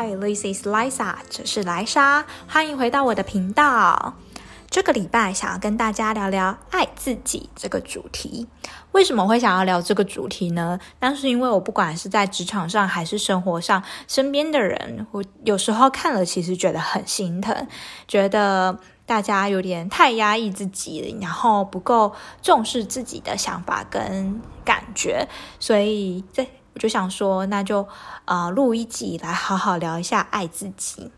Hi, this is Liza，這是萊莎。歡迎回到我的頻道。這個禮拜想要跟大家聊聊愛自己這個主題。為什麼會想要聊這個主題呢？那是因為我不管是在職場上還是生活上，身邊的人，我有時候看了其實覺得很心疼，覺得大家有點太壓抑自己，然後不夠重視自己的想法跟感覺，所以在。我就想說，那就啊錄一集來好好聊一下愛自己，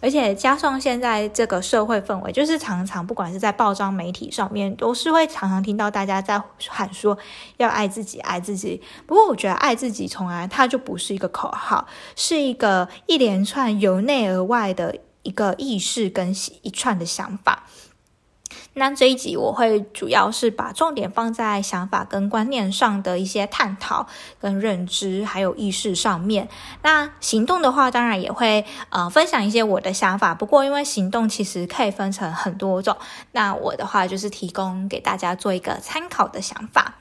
而且加上現在這個社會氛圍，就是常常不管是在報章媒體上面，都是會常常聽到大家在喊說要愛自己，愛自己。不過我覺得愛自己從來它就不是一個口號，是一個一連串由內而外的一個意識跟一串的想法。那這一集我會主要是把重點放在想法跟觀念上的一些探討、跟認知，還有意識上面。那行動的話，當然也會呃分享一些我的想法。不過，因為行動其實可以分成很多種，那我的話就是提供給大家做一個參考的想法。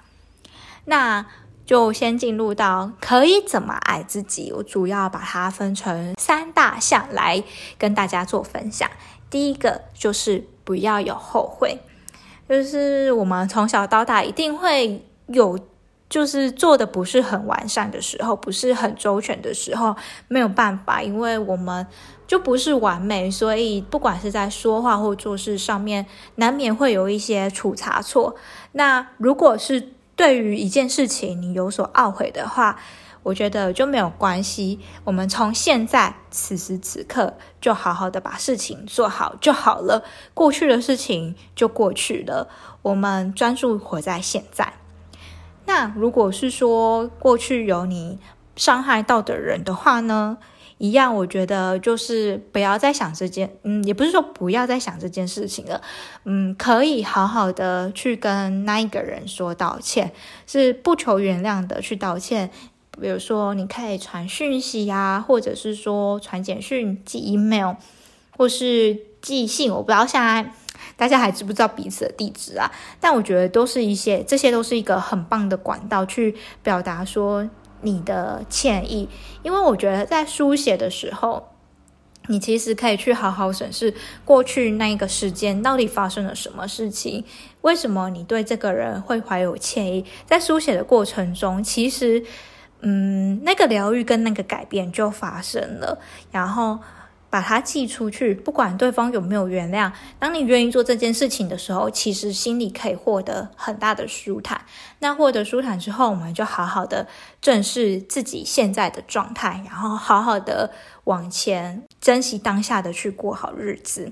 那就先進入到可以怎麼愛自己。我主要把它分成三大項來跟大家做分享。第一個就是不要有後悔，就是我們從小到大一定會有，就是做的不是很完善的時候，不是很周全的時候，沒有辦法，因為我們就不是完美，所以不管是在說話或做事上面，難免會有一些出差錯。那如果是對於一件事情你有所懊悔的話，我覺得就沒有關係。我們從現在此時此刻就好好的把事情做好就好了，過去的事情就過去了。我們專注活在現在。那如果是說過去有你傷害到的人的話呢？一樣，我覺得就是不要再想這件，嗯，也不是說不要再想這件事情了，嗯，可以好好的去跟那一個人說道歉，是不求原諒的去道歉。比如說，你可以傳訊息啊，或者是說傳簡訊、寄 email，或是寄信。我不知道現在大家還知不知道彼此的地址啊，但我覺得都是一些，這些都是一個很棒的管道去表達說。你的歉意，因為我覺得在書寫的時候，你其實可以去好好審視過去那個時間到底發生了什麼事情，為什麼你對這個人會懷有歉意。在書寫的過程中，其實，嗯，那個療癒跟那個改變就發生了，然後。把它寄出去，不管對方有沒有原諒。當你願意做這件事情的時候，其實心裡可以獲得很大的舒坦。那獲得舒坦之後，我們就好好的正視自己現在的狀態，然後好好的往前珍惜當下的去過好日子。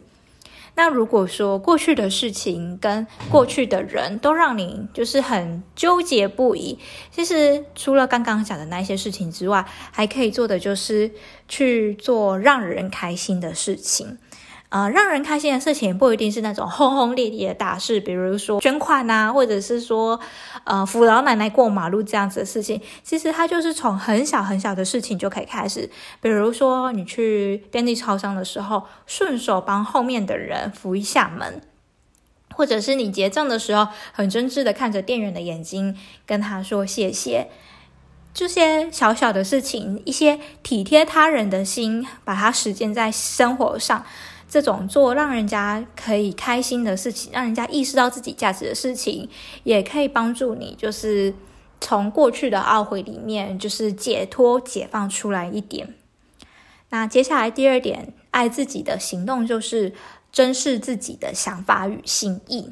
那如果說過去的事情跟過去的人都讓你就是很糾結不已，其實除了剛剛講的那些事情之外，還可以做的就是去做讓人開心的事情。呃，讓人開心的事情也不一定是那種轟轟烈烈的大事，比如說捐款啊，或者是說呃扶老奶奶過馬路這樣子的事情。其實它就是從很小很小的事情就可以開始，比如說你去便利超商的時候，順手幫後面的人扶一下門，或者是你結賬的時候，很真摯的看着店員的眼睛，跟他說謝謝。這些小小的事情，一些體貼他人的心，把它實踐在生活上。這種做讓人家可以開心的事情，讓人家意識到自己價值的事情，也可以幫助你，就是從過去的懊悔裡面，就是解脫、解放出來一點。那接下來第二點，愛自己的行動就是珍視自己的想法與心意。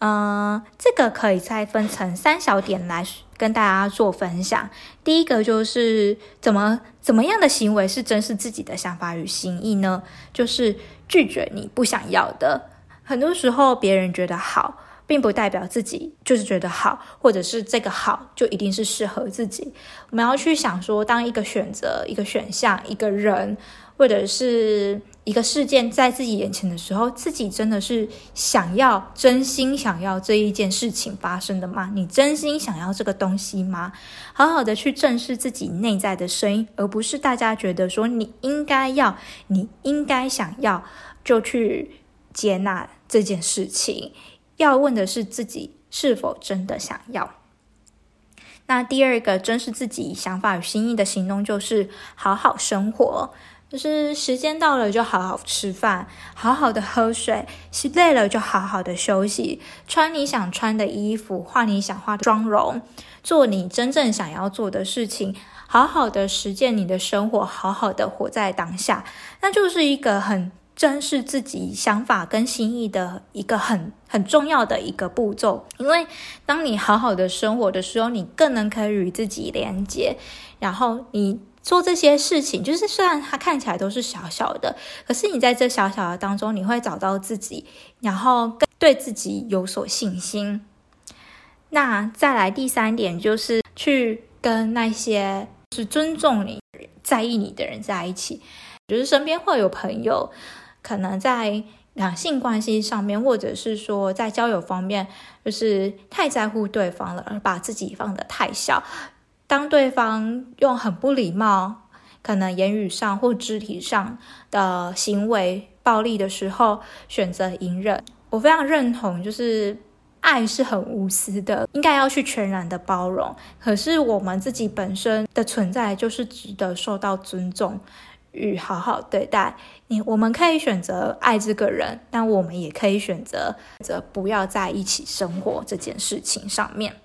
嗯、呃，這個可以再分成三小點來跟大家做分享。第一個就是怎麼怎麼樣的行為是珍視自己的想法與心意呢？就是。拒絕你不想要的，很多時候別人覺得好，並不代表自己就是覺得好，或者是這個好就一定是適合自己。我們要去想說，當一個選擇、一個選項、一個人。或者是一個事件在自己眼前的時候，自己真的是想要、真心想要這一件事情發生的嗎？你真心想要這個東西嗎？好好的去正視自己內在的聲音，而不是大家覺得說你應該要、你應該想要就去接納這件事情。要問的是自己是否真的想要。那第二個正視自己想法與心意的行動，就是好好生活。就是時間到了就好好吃飯，好好的喝水，累了就好好的休息，穿你想穿的衣服，化你想化的妝容，做你真正想要做的事情，好好的實踐你的生活，好好的活在當下，那就是一個很珍視自己想法跟心意的一個很很重要的一個步驟。因為當你好好的生活的時候，你更能可以與自己連接，然後你。做這些事情，就是雖然它看起來都是小小的，可是你在這小小的當中，你會找到自己，然後更對自己有所信心。那再來第三點，就是去跟那些是尊重你、在意你的人在一起，就是身邊會有朋友，可能在兩性關係上面，或者是說在交友方面，就是太在乎對方了，而把自己放得太小。當對方用很不禮貌，可能言語上或肢體上的行為暴力的時候，選擇隱忍，我非常認同。就是愛是很無私的，應該要去全然的包容。可是我們自己本身的存在就是值得受到尊重與好好對待。你我們可以選擇愛這個人，但我們也可以選擇選擇不要在一起生活這件事情上面，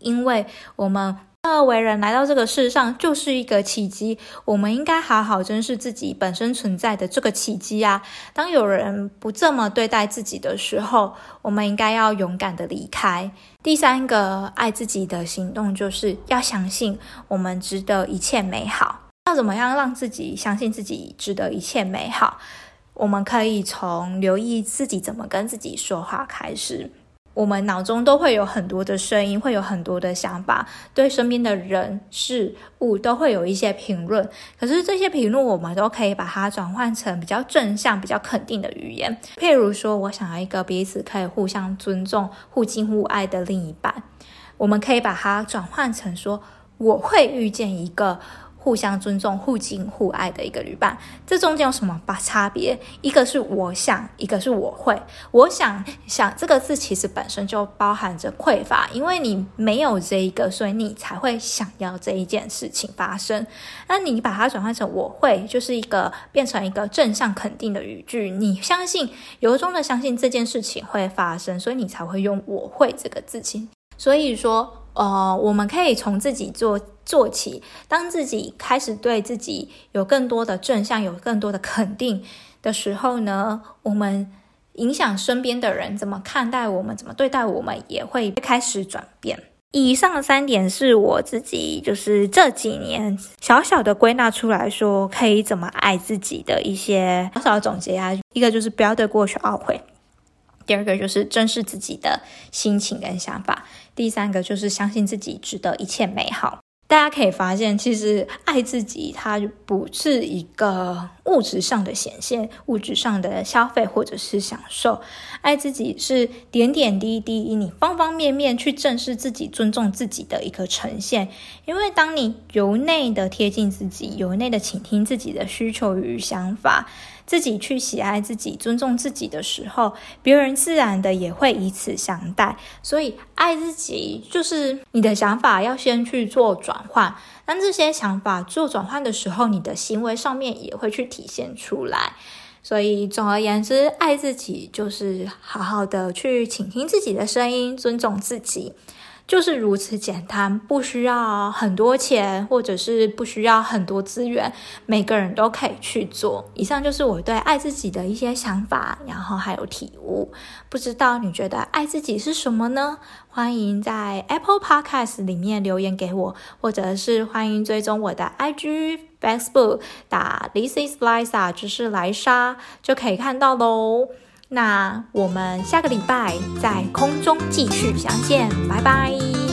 因為我們。為人來到這個世上就是一個契機，我們應該好好珍視自己本身存在的這個契機啊。當有人不這麼對待自己的時候，我們應該要勇敢地離開。第三個，愛自己的行動就是要相信我們值得一切美好。要怎麼樣讓自己相信自己值得一切美好？我們可以從留意自己怎麼跟自己說話開始。我們腦中都會有很多的聲音，會有很多的想法，對身邊的人事物都會有一些評論。可是這些評論，我們都可以把它轉換成比較正向、比較肯定的語言。譬如說，我想要一個彼此可以互相尊重、互敬互愛的另一半，我們可以把它轉換成說，我會遇見一個。互相尊重、互敬互愛的一個旅伴，這中間有什麼差差別？一個是我想，一個是我會。我想想，這個字其實本身就包含着匱乏，因為你沒有這一個，所以你才會想要這一件事情發生。那你把它轉換成我會，就是一個變成一個正向肯定的語句。你相信，由衷的相信這件事情會發生，所以你才會用我會這個字。所以說，呃，我們可以從自己做。做起，當自己開始對自己有更多的正向、有更多的肯定的時候呢，我們影響身邊的人怎麼看待我們、怎麼對待我們，也會開始轉變。以上三點是我自己就是這幾年小小的歸納出來說可以怎麼愛自己的一些小小的總結啊。一個就是不要對過去懊悔，第二個就是珍視自己的心情跟想法，第三個就是相信自己值得一切美好。大家可以發現，其實愛自己它不是一個物質上的顯現，物質上的消費或者是享受。愛自己是點點滴滴，你方方面面去正視自己、尊重自己的一個呈現。因為當你由內的貼近自己，由內的傾聽自己的需求與想法。自己去喜愛自己、尊重自己的時候，別人自然的也會以此相待。所以，愛自己就是你的想法要先去做轉換。當這些想法做轉換的時候，你的行為上面也會去體現出來。所以，總而言之，愛自己就是好好的去傾聽自己的聲音，尊重自己。就是如此簡單，不需要很多錢，或者是不需要很多資源，每個人都可以去做。以上就是我對愛自己的一些想法，然後還有體悟。不知道你覺得愛自己是什麼呢？歡迎在 Apple Podcast 裡面留言給我，或者是歡迎追蹤我的 IG、Facebook，打 This is Liza，就是萊莎，就可以看到嘍。那我們下個禮拜在空中繼續相見，拜拜。